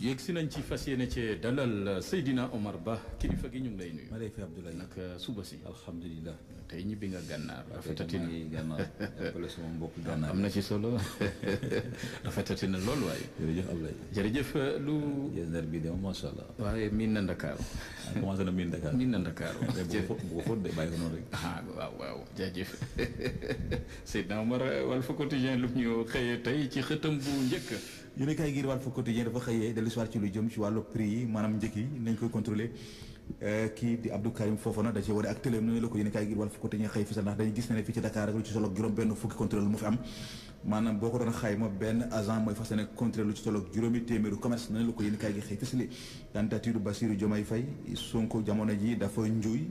yéeg si nañ ci fas yéene ci dalal Seydina Omar Ba kilifa gi ñu lay nuyu. ma lay fay nag suba si. alhamdulilah tey ñibbi nga gànnaar. rafetati na gànnaar jàppale sama mbokk gànnaar. am na ci solo rafetati na lool waaye. jërëjëf Abdoulaye. jërëjëf euh, lu. jërëjëf bi de macha allah. waaye miin na Ndakaaru. Ah, commencé na miin Ndakaaru miin na de bàyyi ko noonu rek. Ah, waaw waaw jaajëf Seydina Omar Walf Quotidien lu ñu xëyee tey ci xëtam bu njëkk. yéen a kaay gi di Walf Quotidien dafa xëyee dellu si ci lu jëm ci wàllu prix yi maanaam njëkk yi nañ koy contrôler euh, kii di Abdou Karim Fofana da cee wane ak télém noonu la ko yéen a kaay gi di Walf xëy fësal ndax dañu gis ne ne fii ci Dakar rek lu ci solo juróom benn fukki contrôle mu fi am maanaam boo ko doon xay xayma benn agent mooy fas yéene contré lu ci tolloog juróomi téeméeru commerce na la ko yéen kaay gi xëy fësale candidature Bassirou jamono ji dafa njuuy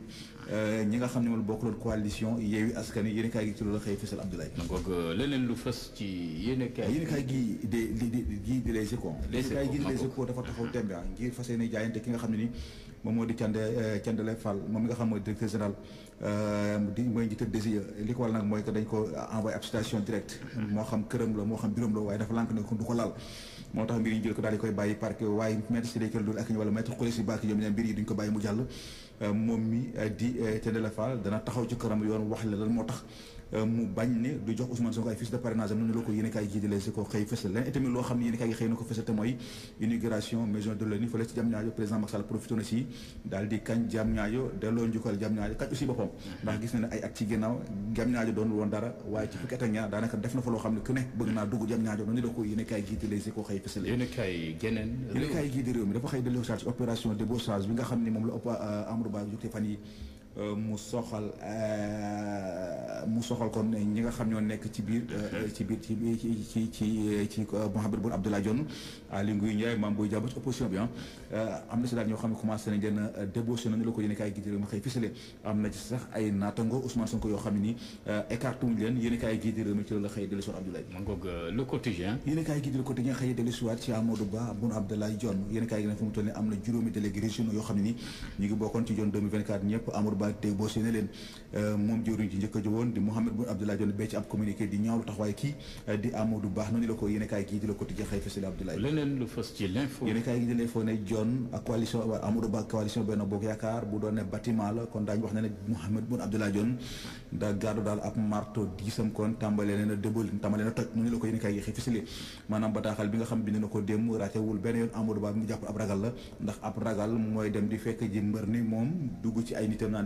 euh, ñi nga xam ne moom bokkuloon coalition Yewwi Askan Wi yéen kaay gi ci loolu xëy fësal Abdoulaye euh, leneen lu fës ci yéen gi de gi di Les Échos yéen kaay gi di Les Échos dafa taxaw tembe ah, ngir fas yéene jaayante ki nga xam ne ni moom moo di Cande euh, Candele Fall moom mi nga xam mooy directeur général di mooy njiital DGE li ko waral nag mooy que dañ ko envoyé ab citation directe moo xam këram la moo xam biram la waaye dafa lànk ne du ko laal moo tax mbir yi jël ko daal di koy bàyyi parce que waaye maître si deykël doolu ak ñu wala maître xule si bàkk ñoom ñaan mbir yi duñ ko bàyyi mu jàll euh, moom mi euh, di euh, Tendella Fall dana taxaw ci këram yoon wax la lan moo tax Euh, mu bañ ne du jox Ousmane Sonko na ko yéen a kaay na ko fësal te de l'ONU naa dugg noonu la ko yéen a kaay di leen si ko xëy fësal yéen a kaay di réew mi dafa xëy delloo charge opération débauchage bi nga xam ne moom la Amadou Ba jógte fan yi Euh, mu soxal euh, mu soxal kon ñi nga xam ñoo nekk ci biir euh, ci biir ci ci ci ci ci Mouhamed Boun Abdallah Dionne Aly Ngouille Ndiaye Mame opposition bi ah. am na si a na ci sax ay naatango Ousmane Sonko yoo xam ne nii écarté wuñ leen yéen kaay réew mi ci loolu la xëy dellu si waat Abdoulaye. ma ngoog fi mu toll nii am na juróomi délégué régionaux yoo xam ne ñu ngi bokkoon ci Dionne 2024 ñëpp te boo si ne leen euh, moom jëwriñ ci njëkk a di Mouhamed Boun Abdallah Dionne bee ci ab communiqué di ñaawlu taxawaay kii euh, di Amadou a a bu doon noonu la ko yéen a kaay maanaam bataaxal bi nga xam bind na ko démb raatewul benn yoon Amadou Ba mu jàpp ab ragal la ndax ab ragal mooy dem di fekk ji mbër ni moom dugg ci ay nitam naan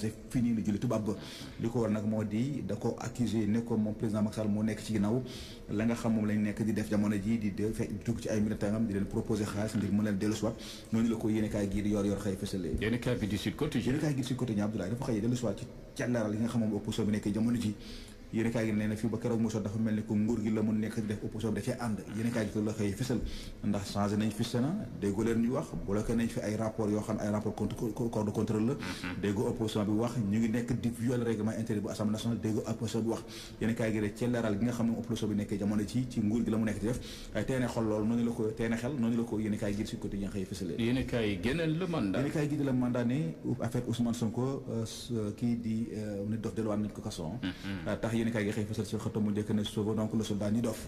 c'est fini lu julli tubaab li ko war nag moo di da ko accusé ne ko moom président Macky moo nekk ci ginnaaw la nga xam moom lañ nekk di def jamono ji di fekk dugg ci ay militangam di leen proposé xaalis ngir mën leen dellusiwaat noonu la ko yéenekaay gii di yor yor xëy fësale yéenekaay gi di Sud Quotidien Abdoulaye dafa xëy dellusiwaat ci càndaaral yi nga xam moom opposition bi nekk jamono ji yéen kaay gi nee na fii ba keroog mu sot dafa mel ni ko nguur gi la mu nekk def ay teene xol loolu noonu la ko teene xel noonu la ko yéen kaay gi si côté yi nga xëy fësal yéen kaay génneel le mandat gi di la mandat ne affaire Ousmane Sonko euh, euh, kii di euh, dof delluwaat nañ ko kason mhm. yéen kay gi xëy fësal si xëtamu njëkk ne sauve donc le soldat ni dof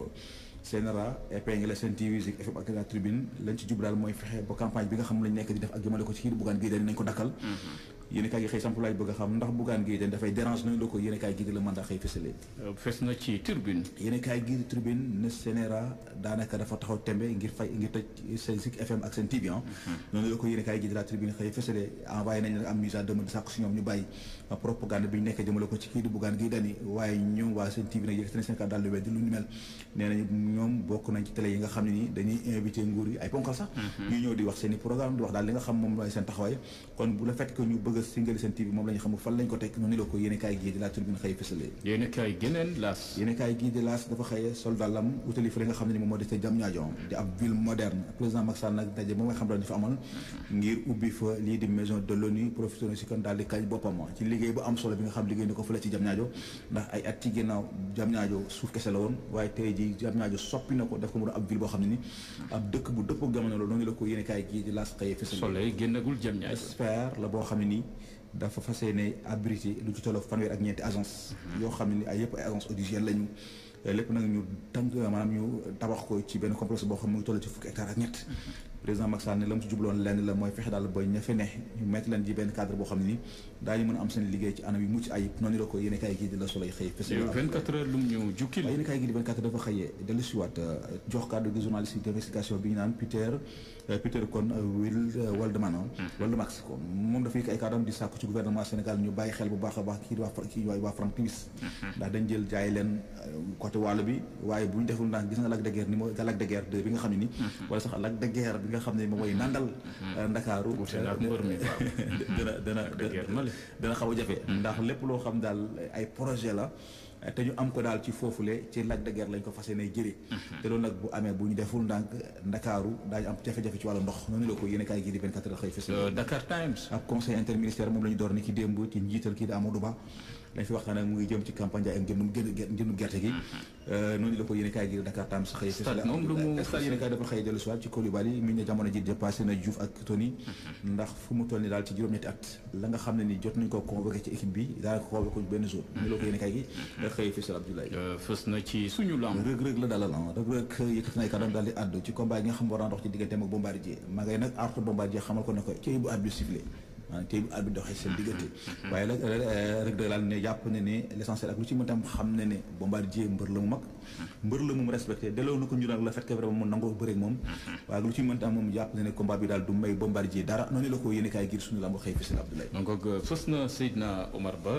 CNRA épingle Sen TV Zik ak la tribune lañ ci jub mooy fexe ba campagne bi nga xam lañ nekk di def ak jëmale ko ci kii di Bougane Gueye Dany nañ ko dakkal mm-hmm. yéen kaay gi xëy samp laaj bëgg a xam ndax Bougane Gueye Dany dafay dérange nañu la ko yéen kaay gi xëy fësale euh, fes na ci tribune yéen gi di tribune ne daanaka dafa taxaw tembe ngir fay ngir tëj seen Zik FM ak seen TV ah. mhm. noonu la ko yéen kaay am mise à demande sàkku si ñoom ñu bàyyi propagande bi ñu nekk jëmale ko ci kii di Bougane Gueye waaye ñoom waa seen TV nag yi nga xam ne ni dañuy invité nguur yi ay que Sénégal seen TV moom la ñu xamul fan lañ ko teg noonu la ko yéen gii di la turbine xëy fësalee yéen kaay la boo xam ne nii dafa fas yéene abrité lu ci tolloog fanweer ak ñeenti agence mhm. yoo xam ne ni ay yëpp ay agence audiovisuelle lañu lépp nag ñu tànk maanaam ñu tabax ko ci benn complexe boo xam mu ngi toll ci fukki hectare ak ñett président Macky Sall la mu si jubloon lenn la mooy fexe daal ba ña ne ñu mettre leen ci benn cadre boo xam ni daañu mën a am la ko kaay gi di la soloy xëy fes vingt-quatre heures lu mu ñu jukki la yéen kaay gi di vingt-quatre dafa xëyee dellu si waat jox cadre gi journaliste d'investigation bi ñu naan Peter euh, Peter kon euh, Will euh, Waldman hmm. Waldmax moom dafay bu baax a baax côté wàllu bi waaye bu ñu deful ndànk gis nga Lac de Guiers ni moo Lac de Guiers 2 bi nga xam ne ni mm-hmm. wala sax Lac de Guiers bi nga xam ne moom mooy nandal mm-hmm. euh, ndakaaru dana dana dana xaw a jafe mm-hmm. ndax lépp loo xam daal ay projet la Eh, te ñu am ko daal ci foofule ci Lac de Guiers lañ ko fas yéene jëri mhm. te loolu nag bu amee bu ñu deful ndànk ndakaaru am jafe euh, mhm. euh, na Diouf ak Tony mhm. ndax fu mu toll ni daal ci juróom-ñetti at la nga xam ne ni jot nañ ko convoqué ci équipe bi daal ko convoqué benn jour noonu la ko yéene gi xëy fii si Abdoulaye. Euh, fës na ci suñu lamb. rëg-rëg la dalal ah rëg-rëg yëkkati nay kàddoom daal di àddu ci combat nga xam war naa dox ci digganteem ak Bombardier ma ngay nag artu Bombardier xamal ko ne ko ci bu arbitre bi maanaam tey bu arbitre doxee seen diggante waaye nag euh, rek de daal ne jàpp ne ne l'essentiel ak lu ci mën tam xam ne ne bombardier mbër la mu mag mbër la mu respecté delloo na ko ñu nag la fait que vraiment moom nangoo bëre ak moom waaye lu ci mën tam moom jàpp ne ne combat bi daal du may bombardier dara noonu la ko yéene kaay giir suñu lamb xëy fisal Abdoulaye donc euh, fës na Seydina Omar Ba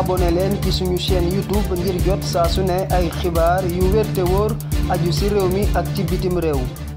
abonné leen ci suñu chaîne YouTube ngir jot saa su ne ay xibaar yu wér te wóor aju si réew mi ak ci bitim réew